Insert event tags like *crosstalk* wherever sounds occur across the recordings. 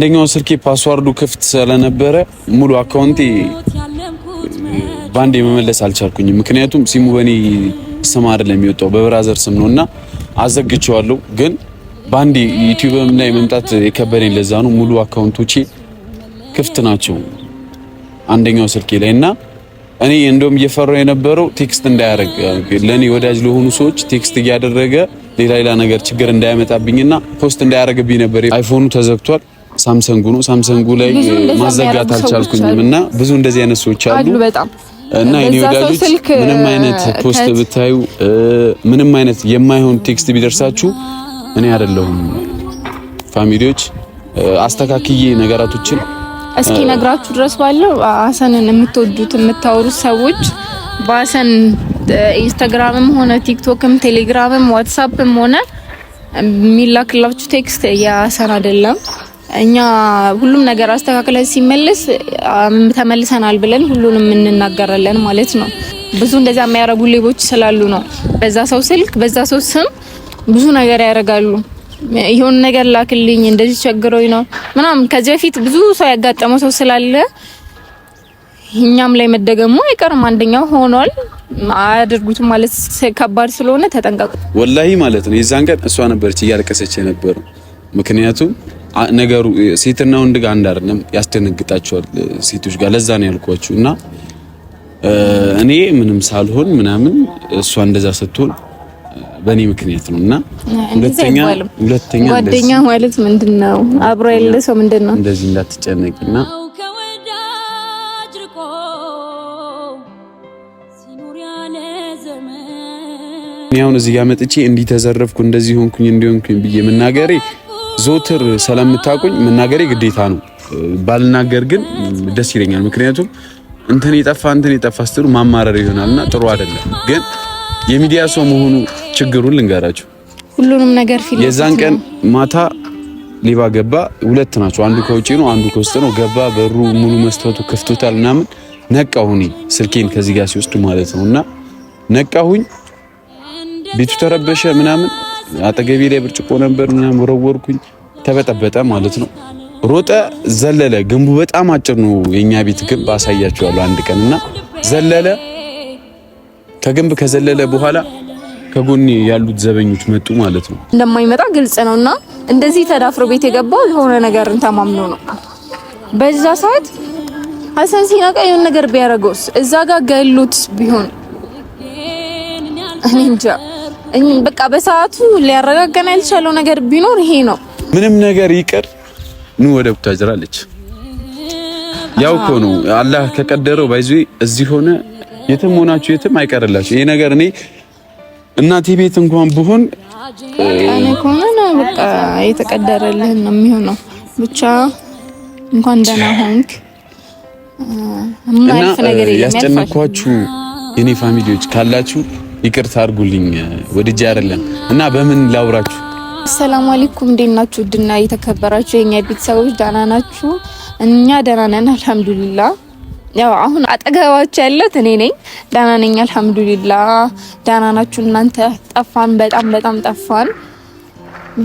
አንደኛው ስልኬ ፓስዋርዱ ክፍት ስለነበረ ሙሉ አካውንቴ ባንዴ መመለስ አልቻልኩኝም። ምክንያቱም ሲሙ በኔ ስም አይደለም የሚወጣው በብራዘር ስም ነውና አዘግቼዋለሁ። ግን ባንዴ ዩቲዩብም ላይ መምጣት የከበደኝ ለዛ ነው። ሙሉ አካውንቶቼ ክፍት ናቸው አንደኛው ስልኬ ላይ እና እኔ እንደውም እየፈራው የነበረው ቴክስት እንዳያደርግ ለኔ ወዳጅ ለሆኑ ሰዎች ቴክስት እያደረገ ሌላ ሌላ ነገር ችግር እንዳያመጣብኝና ፖስት እንዳያደርግብኝ ነበር። አይፎኑ ተዘግቷል። ሳምሰንጉ ነው። ሳምሰንጉ ላይ ማዘጋት አልቻልኩኝም እና ብዙ እንደዚህ አይነት ሰዎች አሉ በጣም እና የኔ ወዳጆች ምንም አይነት ፖስት ብታዩ፣ ምንም አይነት የማይሆን ቴክስት ቢደርሳችሁ እኔ አይደለሁም ፋሚሊዎች አስተካክዬ ነገራቶችን እስኪ ነግራችሁ ድረስ ባለው አሰንን የምትወዱት የምታወሩት ሰዎች በአሰን ኢንስታግራምም ሆነ ቲክቶክም ቴሌግራምም ዋትሳፕም ሆነ የሚላክላችሁ ቴክስት የአሰን አይደለም። እኛ ሁሉም ነገር አስተካክለን ሲመለስ ተመልሰናል ብለን ሁሉንም እንናገራለን ማለት ነው። ብዙ እንደዚያ የሚያረጉ ሌቦች ስላሉ ነው። በዛ ሰው ስልክ በዛ ሰው ስም ብዙ ነገር ያደርጋሉ። የሆነ ነገር ላክልኝ፣ እንደዚህ ቸግሮኝ ነው ምናምን። ከዚህ በፊት ብዙ ሰው ያጋጠመው ሰው ስላለ እኛም ላይ መደገሙ አይቀርም። አንደኛው ሆኗል። አያደርጉትም ማለት ከባድ ስለሆነ ተጠንቀቁ። ወላሂ ማለት ነው። የዛን ቀን እሷ ነበረች እያለቀሰች የነበረው ምክንያቱም ነገሩ ሴትና ወንድ ጋር አንድ አይደለም፣ ያስደነግጣቸዋል ሴቶች ጋር። ለዛ ነው ያልኳችሁ። እና እኔ ምንም ሳልሆን ምናምን እሷ እንደዛ ስትሆን በእኔ ምክንያት ነው። እና ሁለተኛ ሁለተኛ ጓደኛ ማለት ምንድን ነው? አብሮ ያለ ሰው ምንድን ነው? እንደዚህ እንዳትጨነቅና እኔ አሁን እዚህ ጋር መጥቼ እንዲህ ተዘረፍኩ እንደዚህ ሆንኩኝ እንዲሆንኩኝ ብዬ መናገሬ ዘወትር ስለምታውቁኝ መናገሬ ግዴታ ነው። ባልናገር ግን ደስ ይለኛል። ምክንያቱም እንትን የጠፋ እንትን የጠፋ ስትሉ ማማረር ይሆናልና ጥሩ አይደለም። ግን የሚዲያ ሰው መሆኑ ችግሩን ልንገራችሁ። ሁሉንም ነገር ፊልም የዛን ቀን ማታ ሌባ ገባ። ሁለት ናቸው፣ አንዱ ከውጭ ነው፣ አንዱ ከውስጥ ነው። ገባ፣ በሩ ሙሉ መስታወቱ ከፍቶታል ምናምን። ነቃሁኝ፣ ስልኬን ከዚህ ጋር ሲወስድ ማለት ነውና ነቃሁኝ። ቤቱ ተረበሸ ምናምን አጠገቤ ላይ ብርጭቆ ነበር፣ ምናምን ወረወርኩኝ። ተበጠበጠ ማለት ነው። ሮጠ፣ ዘለለ። ግንቡ በጣም አጭር ነው። የኛ ቤት ግንብ አሳያችኋለሁ አንድ ቀን እና ዘለለ። ከግንብ ከዘለለ በኋላ ከጎን ያሉት ዘበኞች መጡ ማለት ነው። እንደማይመጣ ግልጽ ነው እና እንደዚህ ተዳፍሮ ቤት የገባው የሆነ ነገር ተማምኖ ነው። በዛ ሰዓት ሀሰን ሲነቃ የሆነ ነገር ቢያደርገውስ እዛ ጋር ገሉት ቢሆን እኔ እንጃ። በቃ በሰዓቱ ሊያረጋጋን ያልቻለው ነገር ቢኖር ይሄ ነው። ምንም ነገር ይቅር ኑ ወደ ቡታጅራ አለች። ያው እኮ ነው አላህ ከቀደረው ባይዙ እዚህ ሆነ የትም ሆናችሁ የትም አይቀርላችሁ ይሄ ነገር። እኔ እናቴ ቤት እንኳን ብሆን እኔ ከሆነ በቃ የተቀደረልህ ነው የሚሆነው። ብቻ እንኳን ደህና ሆንክ። እና ያስጨነኳችሁ የኔ ፋሚሊዎች ካላችሁ ይቅርታ አድርጉልኝ፣ ወድጄ አይደለም እና በምን ላውራችሁ? ሰላም አለይኩም እንዴት ናችሁ? ውድና የተከበራችሁ የኛ ቤተሰቦች ደህና ናችሁ? እኛ ደህና ነን አልሐምዱሊላህ። ያው አሁን አጠገባችሁ ያለሁት እኔ ነኝ። ደህና ነኝ አልሐምዱሊላህ። ደህና ናችሁ እናንተ? ጠፋን፣ በጣም በጣም ጠፋን።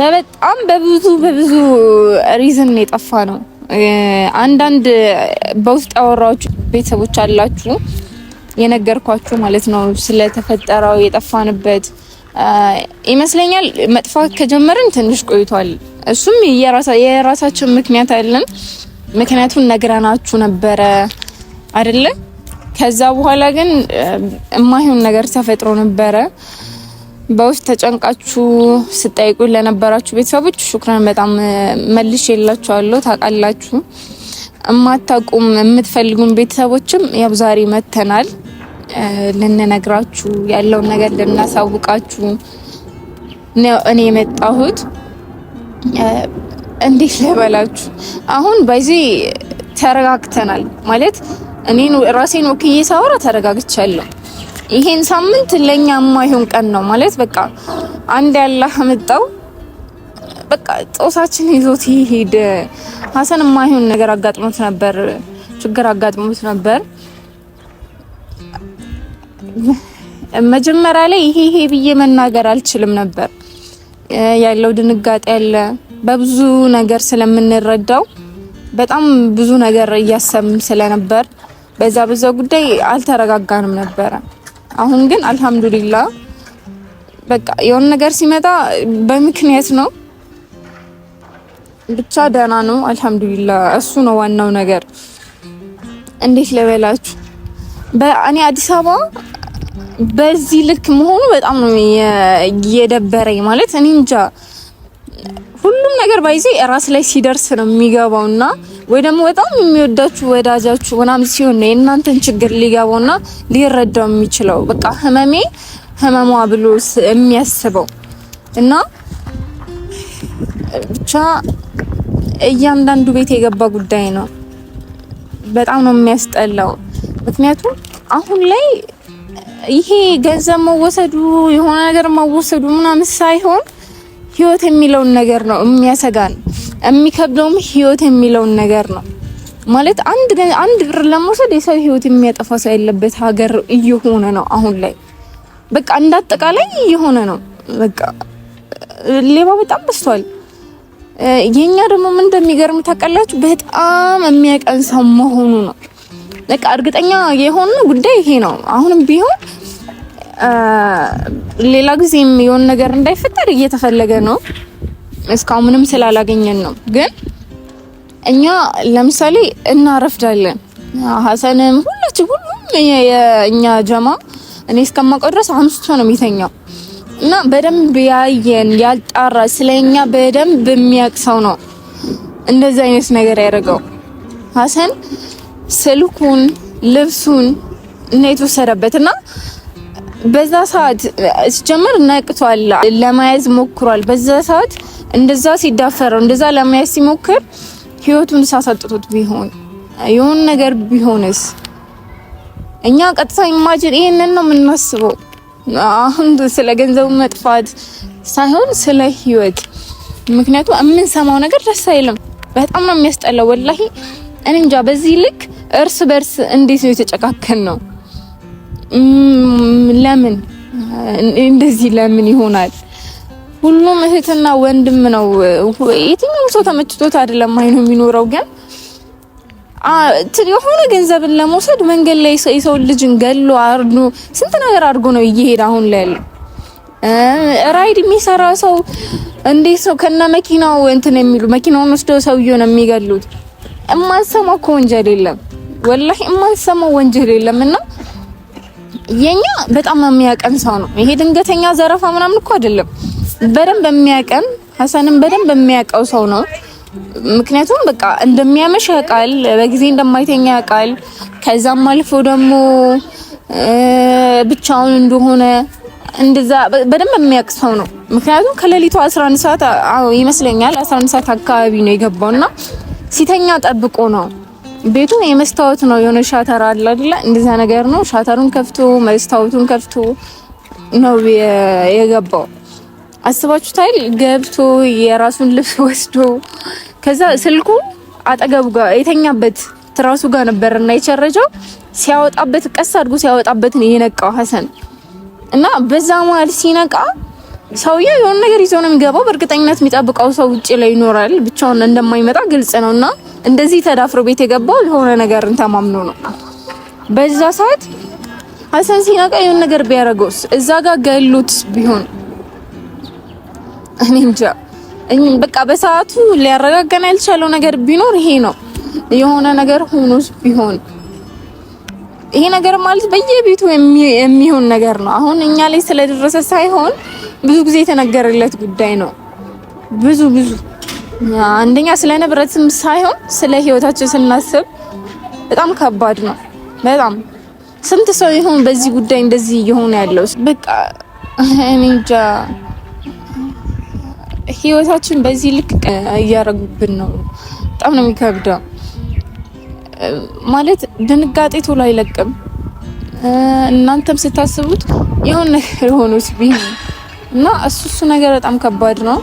በጣም በብዙ በብዙ ሪዝን የጠፋ ነው። አንዳንድ በውስጥ ያወራችሁ ቤተሰቦች አላችሁ የነገርኳችሁ ማለት ነው። ስለተፈጠረው የጠፋንበት ይመስለኛል። መጥፋት ከጀመርን ትንሽ ቆይቷል። እሱም የራሳችን ምክንያት አለን። ምክንያቱን ነግረናችሁ ነበረ አይደለ? ከዛ በኋላ ግን እማይሆን ነገር ተፈጥሮ ነበረ። በውስጥ ተጨንቃችሁ ስጠይቁ ለነበራችሁ ቤተሰቦች ሹክራን በጣም መልሽ የላችኋለሁ። ታውቃላችሁ። እማታቁም የምትፈልጉን ቤተሰቦችም ያው ዛሬ መተናል። ልንነግራችሁ ያለውን ነገር ልናሳውቃችሁ ነው እኔ የመጣሁት። እንዴት ልበላችሁ፣ አሁን በዚህ ተረጋግተናል ማለት እኔን ራሴን ወክዬ ሳወራ ተረጋግቻለሁ። ይሄን ሳምንት ለኛ የማይሆን ቀን ነው ማለት በቃ አንድ ያላህ ምጣው በቃ ጦሳችን ይዞት ይሄድ። ሀሰን የማይሆን ነገር አጋጥሞት ነበር፣ ችግር አጋጥሞት ነበር። መጀመሪያ ላይ ይሄ ይሄ ብዬ መናገር አልችልም ነበር። ያለው ድንጋጤ ያለ በብዙ ነገር ስለምንረዳው በጣም ብዙ ነገር እያሰብም ስለነበር በዛ በዛ ጉዳይ አልተረጋጋንም ነበረ። አሁን ግን አልሐምዱሊላ በቃ የሆነ ነገር ሲመጣ በምክንያት ነው። ብቻ ደህና ነው አልሐምዱሊላ። እሱ ነው ዋናው ነገር። እንዴት ልበላችሁ በእኔ አዲስ አበባ በዚህ ልክ መሆኑ በጣም ነው የደበረኝ። ማለት እኔ እንጃ ሁሉም ነገር ባይዜ ራስ ላይ ሲደርስ ነው የሚገባውና ወይ ደግሞ በጣም የሚወዳችሁ ወዳጃችሁ ምናምን ሲሆን ነው የእናንተን ችግር ሊገባውና ሊረዳው የሚችለው በቃ ህመሜ ህመሟ ብሎ የሚያስበው እና ብቻ እያንዳንዱ ቤት የገባ ጉዳይ ነው። በጣም ነው የሚያስጠላው። ምክንያቱም አሁን ላይ ይሄ ገንዘብ መወሰዱ የሆነ ነገር መወሰዱ ምናምን ሳይሆን ህይወት የሚለውን ነገር ነው የሚያሰጋን። የሚከብደውም ህይወት የሚለውን ነገር ነው ማለት አንድ አንድ ብር ለመውሰድ የሰው ህይወት የሚያጠፋ ሰው ያለበት ሀገር እየሆነ ነው አሁን ላይ። በቃ እንዳጠቃላይ እየሆነ ነው። በቃ ሌባ በጣም በዝቷል። የኛ ደግሞ ምን እንደሚገርም ታውቃላችሁ? በጣም የሚያቀን ሰው መሆኑ ነው። በቃ እርግጠኛ የሆነ ጉዳይ ይሄ ነው። አሁንም ቢሆን ሌላ ጊዜም የሆነ ነገር እንዳይፈጠር እየተፈለገ ነው። እስካሁን ምንም ስላላገኘን ነው። ግን እኛ ለምሳሌ እናረፍዳለን። ሀሰንም ሁላችን ሁሉም የእኛ ጀማ እኔ እስከማውቀው ድረስ አምስቶ ነው የሚተኛው እና በደንብ ያየን ያልጣራ ስለኛ በደንብ የሚያቅሰው ነው እንደዚህ አይነት ነገር ያደርገው ሀሰን ስልኩን ልብሱን እኔት ወሰደበት በዛ ሰዓት ሲጀመር ነቅቷል፣ ለመያዝ ሞክሯል። በዛ ሰዓት እንደዛ ሲዳፈረው እንደዛ ለመያዝ ሲሞክር ህይወቱን ሳሳጥቶት ቢሆን የሆነ ነገር ቢሆንስ? እኛ ቀጥታ ኢማጅን ይሄንን ነው የምናስበው። አሁን ስለ ገንዘቡ መጥፋት ሳይሆን ስለ ህይወት፣ ምክንያቱም የምንሰማው ነገር ደስ አይልም። በጣም ነው የሚያስጠላው። ወላሂ እኔ እንጃ በዚህ ልክ እርስ በርስ እንዴት ነው የተጨካከን ነው? ለምን እንደዚህ ለምን ይሆናል? ሁሉም እህትና ወንድም ነው። የትኛውም ሰው ተመችቶት አይደለም አይኑ የሚኖረው ግን የሆነ ገንዘብን ለመውሰድ መንገድ ላይ የሰው ልጅን ገሎ አርዱ ስንት ነገር አድርጎ ነው እየሄደ አሁን ላይ ያለው። ራይድ የሚሰራ ሰው እንዴት ነው ከነ መኪናው እንትን የሚሉ መኪናውን ወስደው ሰውየው ነው የሚገሉት። እማሰማው እኮ ወንጀል የለም። ወላሂ የማንሰማው ወንጀል የለም እና የኛ በጣም የሚያቀን ሰው ነው። ይሄ ድንገተኛ ዘረፋ ምናምን እኮ አይደለም። በደንብ የሚያቀን ሀሰንም በደንብ የሚያውቀው ሰው ነው። ምክንያቱም በቃ እንደሚያመሽ ያውቃል፣ በጊዜ እንደማይተኛ ያውቃል። ከዛም አልፎ ደግሞ ብቻውን እንደሆነ እንደዛ በደንብ የሚያውቅ ሰው ነው። ምክንያቱም ከሌሊቱ 11 ሰዓት ይመስለኛል 11 ሰዓት አካባቢ ነው የገባውና ሲተኛ ጠብቆ ነው ቤቱ የመስታወት ነው። የሆነ ሻተር አለ አይደለ? እንደዛ ነገር ነው። ሻተሩን ከፍቶ መስታወቱን ከፍቶ ነው የገባው። አስባችሁታል? ገብቶ የራሱን ልብስ *laughs* ወስዶ ከዛ ስልኩ አጠገቡ ጋር የተኛበት ትራሱ ጋር ነበር እና የቸረጀው ሲያወጣበት፣ ቀስ አድርጎ ሲያወጣበት ነው የነቃው ሀሰን እና በዛ መሀል ሲነቃ ሰውዬው የሆነ ነገር ይዞ ነው የሚገባው። በእርግጠኝነት የሚጠብቀው ሰው ውጭ ላይ ይኖራል። ብቻውን እንደማይመጣ ግልጽ ነው። እና እንደዚህ ተዳፍሮ ቤት የገባው የሆነ ነገር ተማምኖ ነው። በዛ ሰዓት ሀሰን ሲነቃ የሆነ ነገር ቢያደርገውስ እዛ ጋር ገሉት ቢሆን እኔ እንጃ። በቃ በሰዓቱ ሊያረጋገን ያልቻለው ነገር ቢኖር ይሄ ነው። የሆነ ነገር ሆኖስ ቢሆን ይሄ ነገር ማለት በየቤቱ የሚሆን ነገር ነው። አሁን እኛ ላይ ስለደረሰ ሳይሆን ብዙ ጊዜ የተነገረለት ጉዳይ ነው። ብዙ ብዙ አንደኛ ስለ ንብረትም ሳይሆን ስለ ህይወታቸው ስናስብ በጣም ከባድ ነው። በጣም ስንት ሰው ይሆን በዚህ ጉዳይ እንደዚህ እየሆነ ያለው? በቃ እኔ እንጃ። ህይወታችን በዚህ ልክ እያረጉብን ነው። በጣም ነው የሚከብደው። ማለት ድንጋጤ ቶሎ አይለቅም። እናንተም ስታስቡት የሆነ ነገር ሆኖት ቢሆን እና እሱ እሱ ነገር በጣም ከባድ ነው።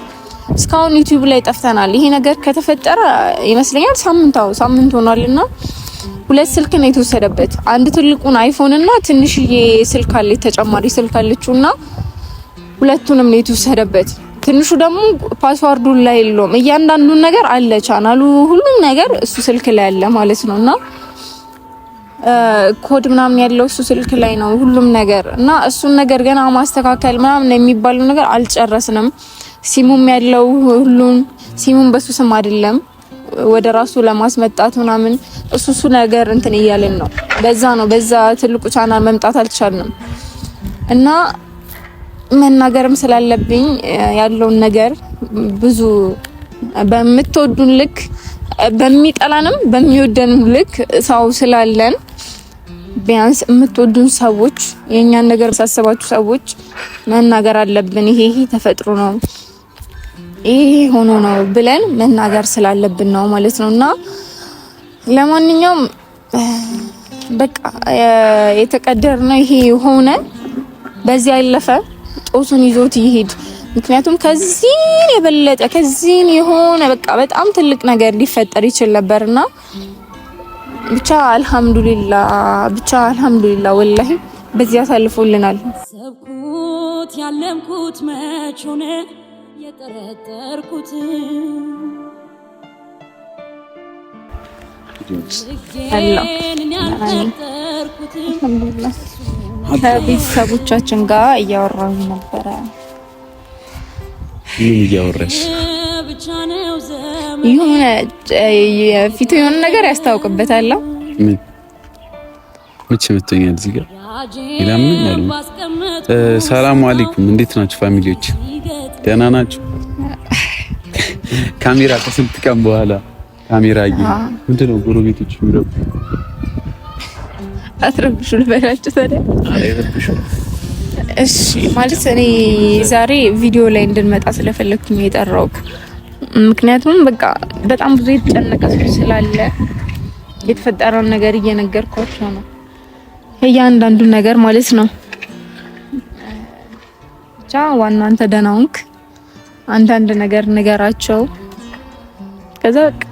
እስካሁን ዩቲዩብ ላይ ጠፍተናል። ይሄ ነገር ከተፈጠረ ይመስለኛል ሳምንት ሳምንት ሆኗል። እና ሁለት ስልክ ነው የተወሰደበት፣ አንድ ትልቁን አይፎን እና ትንሽዬ ስልክ አለ ተጨማሪ ስልክ አለችው እና ሁለቱንም ነው የተወሰደበት። ትንሹ ደግሞ ፓስዋርዱን ላይ የለውም። እያንዳንዱን ነገር አለ፣ ቻናሉ፣ ሁሉም ነገር እሱ ስልክ ላይ አለ ማለት ነው እና ኮድ ምናምን ያለው እሱ ስልክ ላይ ነው ሁሉም ነገር እና እሱን ነገር ገና ማስተካከል ምናምን የሚባለው ነገር አልጨረስንም። ሲሙም ያለው ሁሉን ሲሙም በሱ ስም አይደለም ወደ ራሱ ለማስመጣት ምናምን እሱ እሱ ነገር እንትን እያልን ነው። በዛ ነው በዛ ትልቁ ቻናል መምጣት አልቻልንም እና መናገርም ስላለብኝ ያለውን ነገር ብዙ በምትወዱን ልክ በሚጠላንም በሚወደንም ልክ ሰው ስላለን ቢያንስ የምትወዱን ሰዎች የእኛን ነገር ሳሰባችሁ ሰዎች መናገር አለብን። ይሄ ይሄ ተፈጥሮ ነው፣ ይሄ ሆኖ ነው ብለን መናገር ስላለብን ነው ማለት ነው። እና ለማንኛውም በቃ የተቀደር ነው ይሄ ሆነ በዚህ አለፈ። ጦሱን ይዞት ይሄድ። ምክንያቱም ከዚህ የበለጠ ከዚህ የሆነ በቃ በጣም ትልቅ ነገር ሊፈጠር ይችል ነበርና ብቻ አልሐምዱሊላ ብቻ አልሐምዱሊላ ወላሂ በዚህ አሳልፎልናል። ሰብኩት ያለምኩት መች ሆነ የጠረጠርኩት አልሐምዱሊላ ከቤተሰቦቻችን ጋር እያወራሁ ነበረ። ምን እያወራሽ? የሆነ የሆነ ነገር ያስታውቅበታል። ምን መቼ መቶኛል እዚህ ጋር ሌላ ምንም አሉ። ሰላም አለይኩም፣ እንዴት ናችሁ ፋሚሊዎች? ደህና ናችሁ? ካሜራ ከስንት ቀን በኋላ ካሜራ። ምንድን ነው ጎረቤቶች የሚለው አትረብሹ ልበላችሁ ታዲያ። እሺ ማለት እኔ ዛሬ ቪዲዮ ላይ እንድንመጣ ስለፈለግኩኝ የጠራሁት ምክንያቱም በቃ በጣም ብዙ የተጨነቀ ሰው ስላለ የተፈጠረውን ነገር እየነገርኳቸው ነው፣ እያንዳንዱ ነገር ማለት ነው። ብቻ ዋና አንተ ደህና አንዳንድ ነገር ንገራቸው። ከዛ በቃ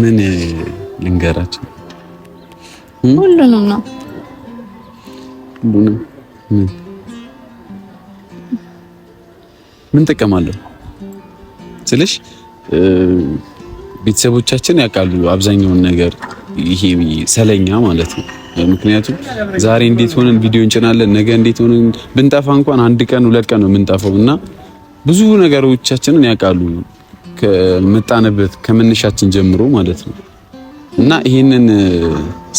ምን ልንገራቸው ሁሉንም hmm? ነው። ምን ጥቅም አለው ስልሽ ቤተሰቦቻችን ያውቃሉ አብዛኛውን ነገር ይሄ ሰለኛ ማለት ነው። ምክንያቱም ዛሬ እንዴት ሆነን ቪዲዮ እንጭናለን፣ ነገ እንዴት ሆነን ብንጠፋ እንኳን አንድ ቀን ሁለት ቀን ነው የምንጠፋው እና ብዙ ነገሮቻችንን ያውቃሉ ከመጣንበት ከመነሻችን ጀምሮ ማለት ነው። እና ይህንን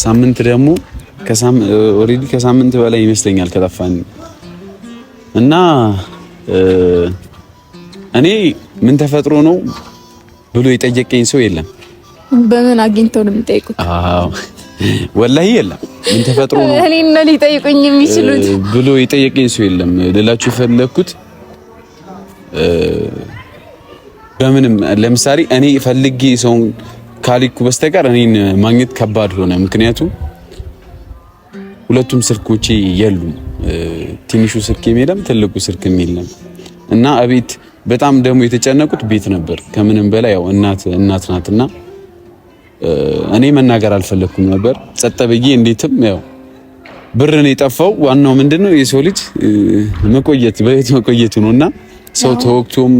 ሳምንት ደግሞ ኦልሬዲ ከሳምንት በላይ ይመስለኛል ከጠፋን እና እኔ ምን ተፈጥሮ ነው ብሎ የጠየቀኝ ሰው የለም። በምን አግኝተው ነው የሚጠይቁት? አዎ ወላሂ የለም። ምን ተፈጥሮ ነው *laughs* እኔን ነው ሊጠይቁኝ የሚችሉት ብሎ የጠየቀኝ ሰው የለም። ልላችሁ የፈለግኩት በምንም ለምሳሌ እኔ ፈልጌ ሰውን ካሊኩ በስተቀር እኔን ማግኘት ከባድ ሆነ። ምክንያቱም ሁለቱም ስልኮቼ የሉም። ትንሹ ስልኬም የለም፣ ትልቁ ስልክም የለም እና እቤት በጣም ደግሞ የተጨነቁት ቤት ነበር። ከምንም በላይ ያው እናት እናት ናትና እኔ መናገር አልፈለኩም ነበር። ጸጥ ብዬ እንዴትም ያው ብር ነው የጠፋው። ዋናው ምንድነው የሰው ልጅ መቆየት በቤት መቆየቱ ነውና ሰው ተወቅቶም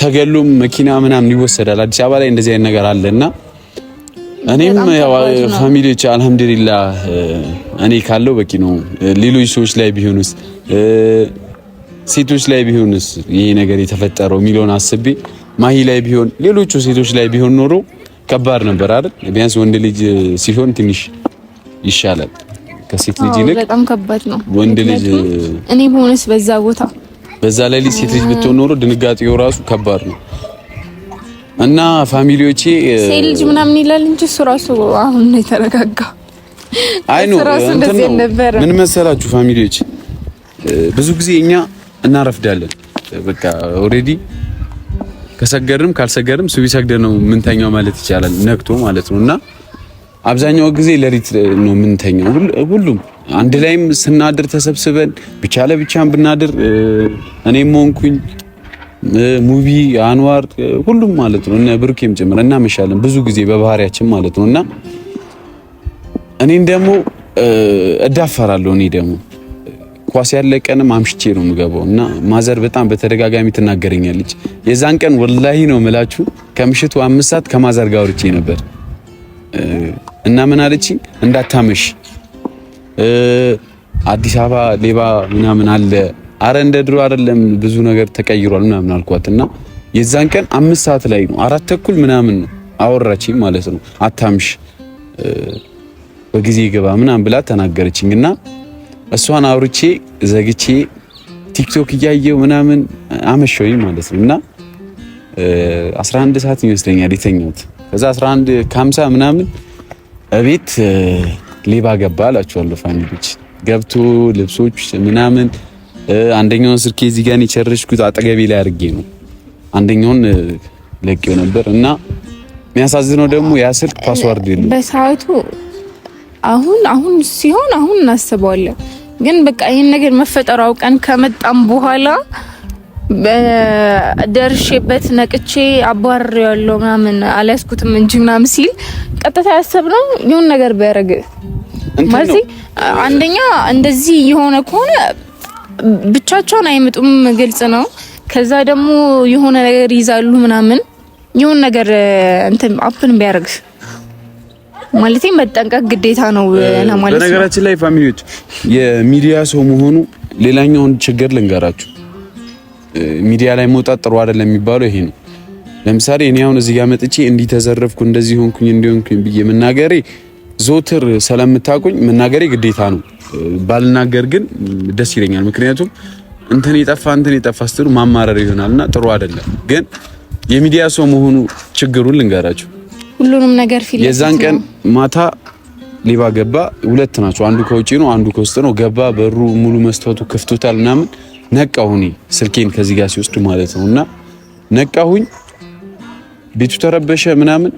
ተገሎም መኪና ምናምን ይወሰዳል። አዲስ አበባ ላይ እንደዚህ አይነት ነገር አለ እና እኔም ፋሚሊዎች አልሐምዱሊላ እኔ ካለው በቂ ነው። ሌሎች ሰዎች ላይ ቢሆንስ ሴቶች ላይ ቢሆንስ ይሄ ነገር የተፈጠረው የሚለውን አስቤ ማሂ ላይ ቢሆን ሌሎቹ ሴቶች ላይ ቢሆን ኖሮ ከባድ ነበር አይደል? ቢያንስ ወንድ ልጅ ሲሆን ትንሽ ይሻላል ከሴት ልጅ ይልቅ። በጣም ከባድ ነው ወንድ ልጅ። እኔ ሆነስ በዛ ቦታ በዛ ላይ ሴት ልጅ ብትሆን ኖሮ ድንጋጤው ራሱ ከባድ ነው እና ፋሚሊዎቼ ሴት ልጅ ምናምን ይላል እንጂ እሱ ራሱ አሁን ነው የተረጋጋ አይ ነው ምን መሰላችሁ ፋሚሊዎች፣ ብዙ ጊዜ እኛ እናረፍዳለን። በቃ ኦልሬዲ ከሰገርም ካልሰገርም ሱቢ ሰግደ ነው ምንተኛው ማለት ይቻላል ነግቶ ማለት ነውና አብዛኛው ጊዜ ለሪት ነው የምንተኛው። ሁሉም አንድ ላይም ስናድር ተሰብስበን ብቻ ለብቻም ብናድር እኔም ሆንኩኝ ሙቪ አንዋር ሁሉም ማለት ነው እና ብሩኬም ጭምር እናመሻለን ብዙ ጊዜ በባህሪያችን ማለት ነው። እና እኔን ደግሞ እዳፈራለሁ። እኔ ደግሞ ኳስ ያለ ቀንም አምሽቼ ነው የምገባው እና ማዘር በጣም በተደጋጋሚ ትናገረኛለች። የዛን ቀን ወላሂ ነው የምላችሁ ከምሽቱ አምስት ሰዓት ከማዘር ጋር አውርቼ ነበር። እና ምን አለችኝ እንዳታመሽ አዲስ አበባ ሌባ ምናምን አለ። አረ እንደ ድሮ አይደለም ብዙ ነገር ተቀይሯል ምናምን አልኳት እና የዛን ቀን አምስት ሰዓት ላይ ነው አራት ተኩል ምናምን አወራችኝ ማለት ነው። አታምሽ በጊዜ ገባ ምናምን ብላ ተናገረችኝ እና እሷን አውርቼ ዘግቼ ቲክቶክ እያየው ምናምን አመሸሁኝ ማለት ነው እና 11 ሰዓት ይመስለኛል የተኛሁት ከዛ 11 50 ምናምን እቤት ሌባ ገባ አላችኋለሁ። ፋሚሊዎች ገብቶ ልብሶች ምናምን አንደኛውን ስልኬ እዚህ ጋር የቸረሽኩት አጠገቤ ላይ አድርጌ ነው። አንደኛውን ለቄው ነበር እና የሚያሳዝነው ደግሞ ያ ስልክ ፓስዋርድ የለውም በሰዓቱ አሁን አሁን ሲሆን አሁን እናስበዋለን፣ ግን በቃ ይህን ነገር መፈጠሩ አውቀን ከመጣም በኋላ ደርሼበት ነቅቼ አባር ያለው ምናምን አልያዝኩትም እንጂ ምናምን ሲል ቀጥታ ያሰብነው ይሁን ነገር ቢያደርግ ማለት አንደኛ እንደዚህ የሆነ ከሆነ ብቻቸውን አይመጡም፣ ግልጽ ነው። ከዛ ደግሞ የሆነ ነገር ይዛሉ ምናምን ይሁን ነገር እንትን አፕን ቢያደርግ ማለት መጠንቀቅ ግዴታ ነው ማለት ነው። በነገራችን ላይ ፋሚሊዎች የሚዲያ ሰው መሆኑ ሌላኛውን ችግር ልንገራችሁ ሚዲያ ላይ መውጣት ጥሩ አይደለም የሚባለው ይሄ ነው። ለምሳሌ እኔ አሁን እዚህ ጋር መጥቼ እንዲህ ተዘረፍኩ፣ እንደዚህ ሆንኩኝ፣ እንዲሆንኩኝ ብዬ መናገሬ ዞትር ስለምታውቁኝ መናገሬ ግዴታ ነው። ባልናገር ግን ደስ ይለኛል። ምክንያቱም እንትን የጠፋ እንትን የጠፋ ስትሉ ማማረር ይሆናልና ጥሩ አይደለም። ግን የሚዲያ ሰው መሆኑ ችግሩን ልንገራችሁ። ሁሉንም ነገር ፊል የዛን ቀን ማታ ሌባ ገባ። ሁለት ናቸው፣ አንዱ ከውጪ ነው፣ አንዱ ከውስጥ ነው። ገባ፣ በሩ ሙሉ መስታወቱ ከፍቶታል ምናምን ነቃሁኝ። ስልኬን ከዚህ ጋር ሲወስዱ ማለት ነው እና ነቃሁኝ። ቤቱ ተረበሸ ምናምን።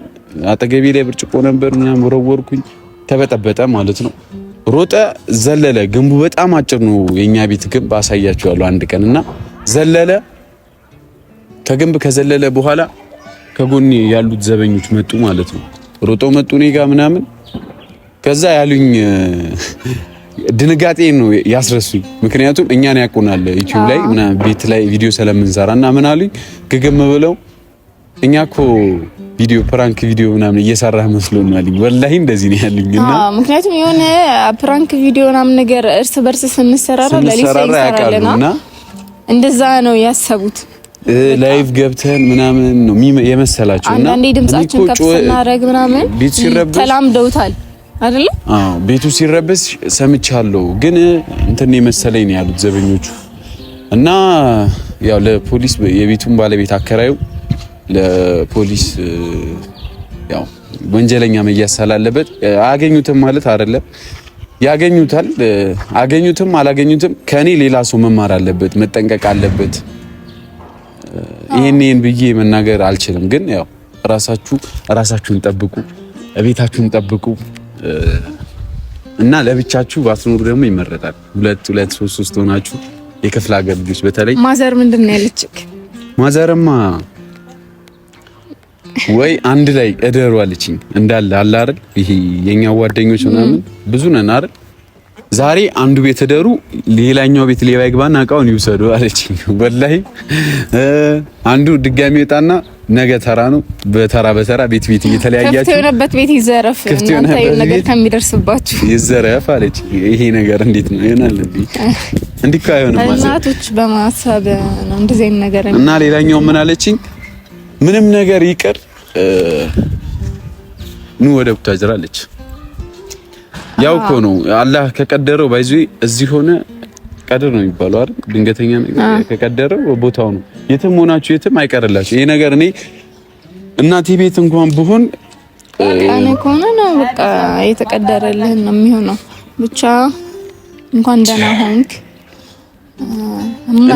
አጠገቤ ላይ ብርጭቆ ነበር ምናምን ወረወርኩኝ። ተበጠበጠ ማለት ነው። ሮጠ፣ ዘለለ። ግንቡ በጣም አጭር ነው የኛ ቤት ግንብ፣ አሳያችኋለሁ አንድ ቀን እና ዘለለ። ከግንብ ከዘለለ በኋላ ከጎኔ ያሉት ዘበኞች መጡ ማለት ነው። ሮጠው መጡ እኔ ጋ ምናምን ከዛ ያሉኝ ድንጋጤ ነው ያስረሱኝ። ምክንያቱም እኛን ያውቁናል ዩቲዩብ ላይ ምናምን ቤት ላይ ቪዲዮ ስለምንሰራ እና ምን አሉኝ ግግም ብለው እኛ እኮ ቪዲዮ ፕራንክ ቪዲዮ ምናምን እየሰራህ መስሎን አለኝ። ወላሂ እንደዚህ ነው ያለኝ እና ምክንያቱም የሆነ ፕራንክ ቪዲዮ ምናምን ነገር እርስ በርስ ስንሰራራ ለሊት ይሰራልና እንደዛ ነው ያሰቡት። ላይቭ ገብተን ምናምን ነው የመሰላቸው እና አንዳንዴ ድምጻችን ከፍ ስናደርግ ምናምን ተላምደውታል። አዎ፣ ቤቱ ሲረበስ ሰምቻለሁ፣ ግን እንትን የመሰለኝ ነው ያሉት ዘበኞቹ። እና ያው ለፖሊስ የቤቱን ባለቤት አከራዩ ለፖሊስ ያው ወንጀለኛ መያዝ ስላለበት አያገኙትም ማለት አይደለም። ያገኙታል። አገኙትም አላገኙትም ከኔ ሌላ ሰው መማር አለበት፣ መጠንቀቅ አለበት። ይሄን ብዬ መናገር አልችልም፣ ግን ያው ራሳችሁ ራሳችሁን ጠብቁ፣ ቤታችሁን ጠብቁ። እና ለብቻችሁ ባትኖሩ ደግሞ ይመረጣል። ሁለት ሁለት ሶስት ሶስት ሆናችሁ የክፍለ ሀገር ልጆች በተለይ ማዘር ምንድን ነው ያለችክ? ማዘርማ ወይ አንድ ላይ እደሩ አለችኝ። እንዳለ አለ አይደል ይሄ የኛ ጓደኞች ምናምን ብዙ ነን አይደል ዛሬ አንዱ ቤት እደሩ፣ ሌላኛው ቤት ሌባ ይግባና እቃውን ይውሰዱ አለችኝ። ወላሂ አንዱ ድጋሚ ወጣና ነገ ተራ ነው። በተራ በተራ ቤት ቤት እየተለያያችሁ ክፍት ቤት ይዘረፍ፣ እናንተ ነገር ከሚደርስባችሁ ይዘረፍ አለች። ይሄ ነገር እንዴት ነው ይሆናል? እንዴ እንዲህ አይሆንም። እናቶች በማሰብ ነው እንደዚህ አይነት ነገር እና ሌላኛው ምን አለችኝ? ምንም ነገር ይቅር ኑ ወደ ቡታጅራ አለች። ያው እኮ ነው አላህ ከቀደረው ባይዙ እዚህ ሆነ ቀደር ነው የሚባለው አይደል? ድንገተኛ ነገር ከቀደረው ቦታው ነው የትም ሆናችሁ የትም አይቀርላችሁ ይሄ ነገር። እኔ እናቴ ቤት እንኳን ብሆን እኔ ከሆነ ነው በቃ የተቀደረልህ ነው የሚሆነው። ብቻ እንኳን ደህና ሆንክ። እና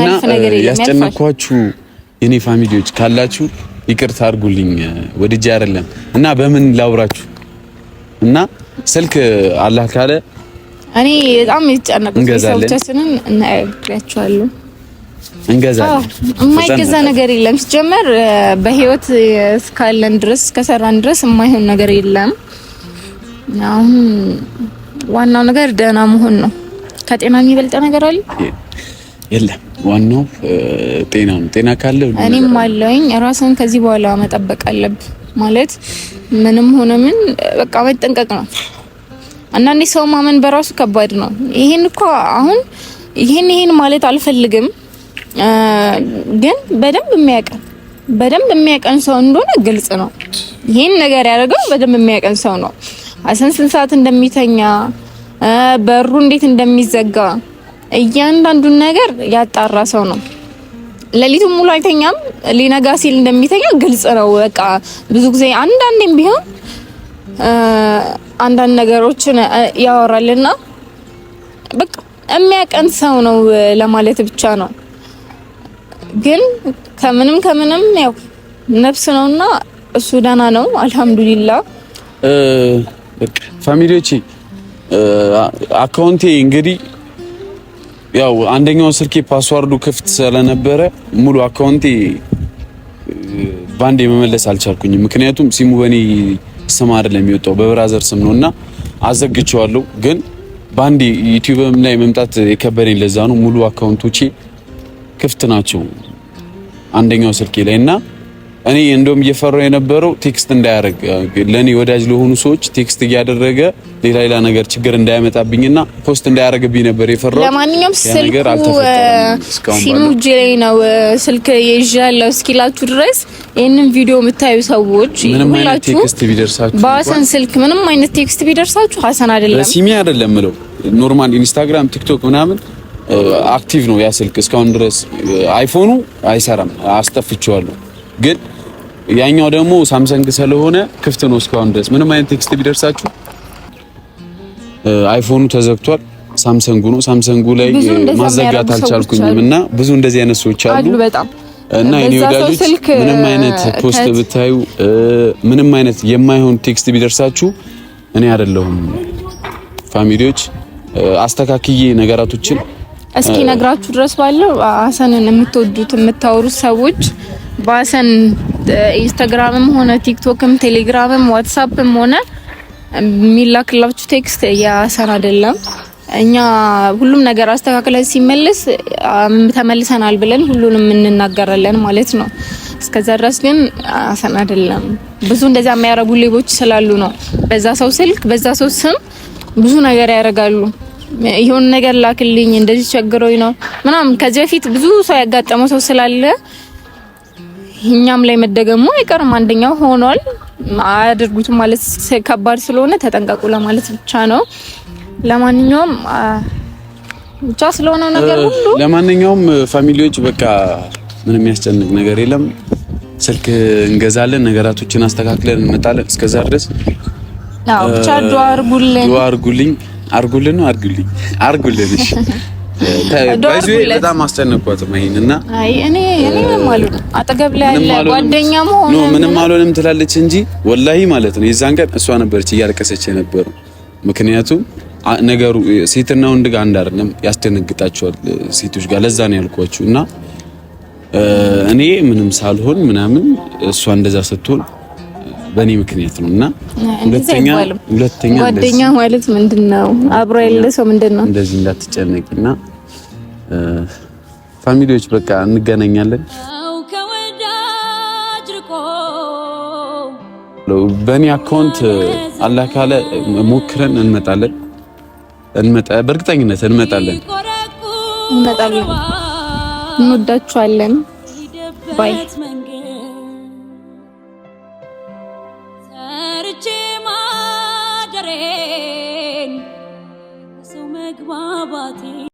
ያስጨነኳችሁ የኔ ፋሚሊዎች ካላችሁ ይቅርታ አድርጉልኝ። ወድጄ አይደለም እና በምን ላውራችሁ እና ስልክ አላህ ካለ እኔ በጣም የተጨነቁ ሰዎቻችንን እናያግላችኋለሁ። እንገዛለን። የማይገዛ ነገር የለም። ሲጀመር በህይወት እስካለን ድረስ እስከሰራን ድረስ የማይሆን ነገር የለም። አሁን ዋናው ነገር ደህና መሆን ነው። ከጤና የሚበልጠ ነገር አለ የለም። ዋናው ጤና ነው። ጤና ካለ እኔም አለውኝ ራስን ከዚህ በኋላ መጠበቅ አለብ ማለት ምንም ሆነ ምን በቃ መጠንቀቅ ነው። አንዳንዴ ሰው ማመን በራሱ ከባድ ነው። ይሄን እኮ አሁን ይሄን ይሄን ማለት አልፈልግም ግን በደንብ የሚያቀን በደንብ የሚያቀን ሰው እንደሆነ ግልጽ ነው። ይህን ነገር ያደርገው በደንብ የሚያቀን ሰው ነው። አሰን ስንት ሰዓት እንደሚተኛ በሩ እንዴት እንደሚዘጋ እያንዳንዱን ነገር ያጣራ ሰው ነው። ሌሊቱን ሙሉ አይተኛም። ሊነጋ ሲል እንደሚተኛ ግልጽ ነው። በቃ ብዙ ጊዜ አንዳንዴም ቢሆን አንዳንድ ነገሮችን ያወራልና በቃ የሚያቀን ሰው ነው ለማለት ብቻ ነው። ግን ከምንም ከምንም ያው ነፍስ ነውና እሱ ደህና ነው፣ አልሐምዱሊላ። ፋሚሊዎቼ አካውንቴ እንግዲህ ያው አንደኛው ስልኬ ፓስዋርዱ ክፍት ስለነበረ ሙሉ አካውንቴ ባንዴ መመለስ አልቻልኩኝም። ምክንያቱም ሲሙ በኔ ስም አይደለም የሚወጣው በብራዘር ስም ነውና አዘግቼዋለሁ። ግን ባንዴ ዩቲዩብም ላይ መምጣት የከበደኝ ለዛ ነው። ሙሉ አካውንቶቼ ክፍት ናቸው። አንደኛው ስልኬ ላይ እና እኔ እንደውም እየፈራው የነበረው ቴክስት እንዳያደርግ ለእኔ ወዳጅ ለሆኑ ሰዎች ቴክስት እያደረገ ሌላ ሌላ ነገር ችግር እንዳያመጣብኝና ፖስት እንዳያደርግብኝ ነበር የፈራው። ለማንኛውም ስልኩ ሲሙ እጄ ላይ ነው፣ ስልክ እስኪላችሁ ድረስ ይህንን ቪዲዮ የምታዩ ሰዎች ሁላችሁ በሀሰን ስልክ ምንም አይነት ቴክስት ቢደርሳችሁ ሀሰን አይደለም ሲሚ አይደለም ምለው ኖርማል ኢንስታግራም፣ ቲክቶክ ምናምን አክቲቭ ነው ያ ስልክ እስካሁን ድረስ አይፎኑ አይሰራም፣ አስጠፍቼዋለሁ። ግን ያኛው ደግሞ ሳምሰንግ ስለሆነ ክፍት ነው እስካሁን ድረስ ምንም አይነት ቴክስት ቢደርሳችሁ አይፎኑ ተዘግቷል። ሳምሰንጉ ነው ሳምሰንጉ ላይ ማዘጋት አልቻልኩኝም እና ብዙ እንደዚህ አይነት ሰዎች አሉ በጣም እና የኔ ወዳጆች ምንም አይነት ፖስት ብታዩ ምንም አይነት የማይሆን ቴክስት ቢደርሳችሁ እኔ አይደለሁም ፋሚሊዎች አስተካክዬ ነገራቶችን እስኪ ነግራችሁ ድረስ ባለው ሀሰንን የምትወዱት የምታወሩት ሰዎች በሀሰን ኢንስታግራምም ሆነ ቲክቶክም ቴሌግራምም ዋትሳፕም ሆነ የሚላክላችሁ ቴክስት የአሰን አይደለም። እኛ ሁሉም ነገር አስተካክለን ሲመለስ ተመልሰናል ብለን ሁሉንም እንናገራለን ማለት ነው። እስከዛ ድረስ ግን አሰን አይደለም። ብዙ እንደዛ የሚያረጉ ሌቦች ስላሉ ነው። በዛ ሰው ስልክ በዛ ሰው ስም ብዙ ነገር ያደርጋሉ። ይሁን ነገር ላክልኝ እንደዚህ ቸግሮኝ ነው ምናምን ከዚህ በፊት ብዙ ሰው ያጋጠመው ሰው ስላለ እኛም ላይ መደገሙ አይቀርም። አንደኛው ሆኗል። አያደርጉትም ማለት ከባድ ስለሆነ ተጠንቀቁ ለማለት ብቻ ነው። ለማንኛውም ብቻ ስለሆነ ነገር ሁሉ ለማንኛውም ፋሚሊዎች በቃ ምንም የሚያስጨንቅ ነገር የለም። ስልክ እንገዛለን፣ ነገራቶችን አስተካክለን እንመጣለን። እስከዛ ድረስ ብቻ ዱአ አርጉልኝ። አርጉልን ነው አርጉልኝ፣ አርጉልን። እሺ በጣም አስጨነቋት ይሄን እና እኔ እኔ አጠገብ ላይ ያለ ጓደኛ መሆኑ ምንም አልሆንም ትላለች እንጂ ወላሂ ማለት ነው የዛን ቀን እሷ ነበረች እያለቀሰች የነበረው። ምክንያቱም ነገሩ ሴትና ወንድ ጋር አንድ አይደለም፣ ያስደነግጣቸዋል ሴቶች ጋር። ለዛ ነው ያልኳችሁ እና እኔ ምንም ሳልሆን ምናምን እሷ እንደዛ ስትሆን በእኔ ምክንያት ነው እና ሁለተኛ ሁለተኛ ጓደኛ ማለት ምንድነው? አብሮ ያለ ሰው ምንድን ነው? እንደዚህ እንዳትጨነቂና ፋሚሊዎች በቃ እንገናኛለን። በእኔ አካውንት አላህ ካለ ሞክረን እንመጣለን። እንመጣ በእርግጠኝነት እንመጣለን እንመጣለን። እንወዳችኋለን ባይ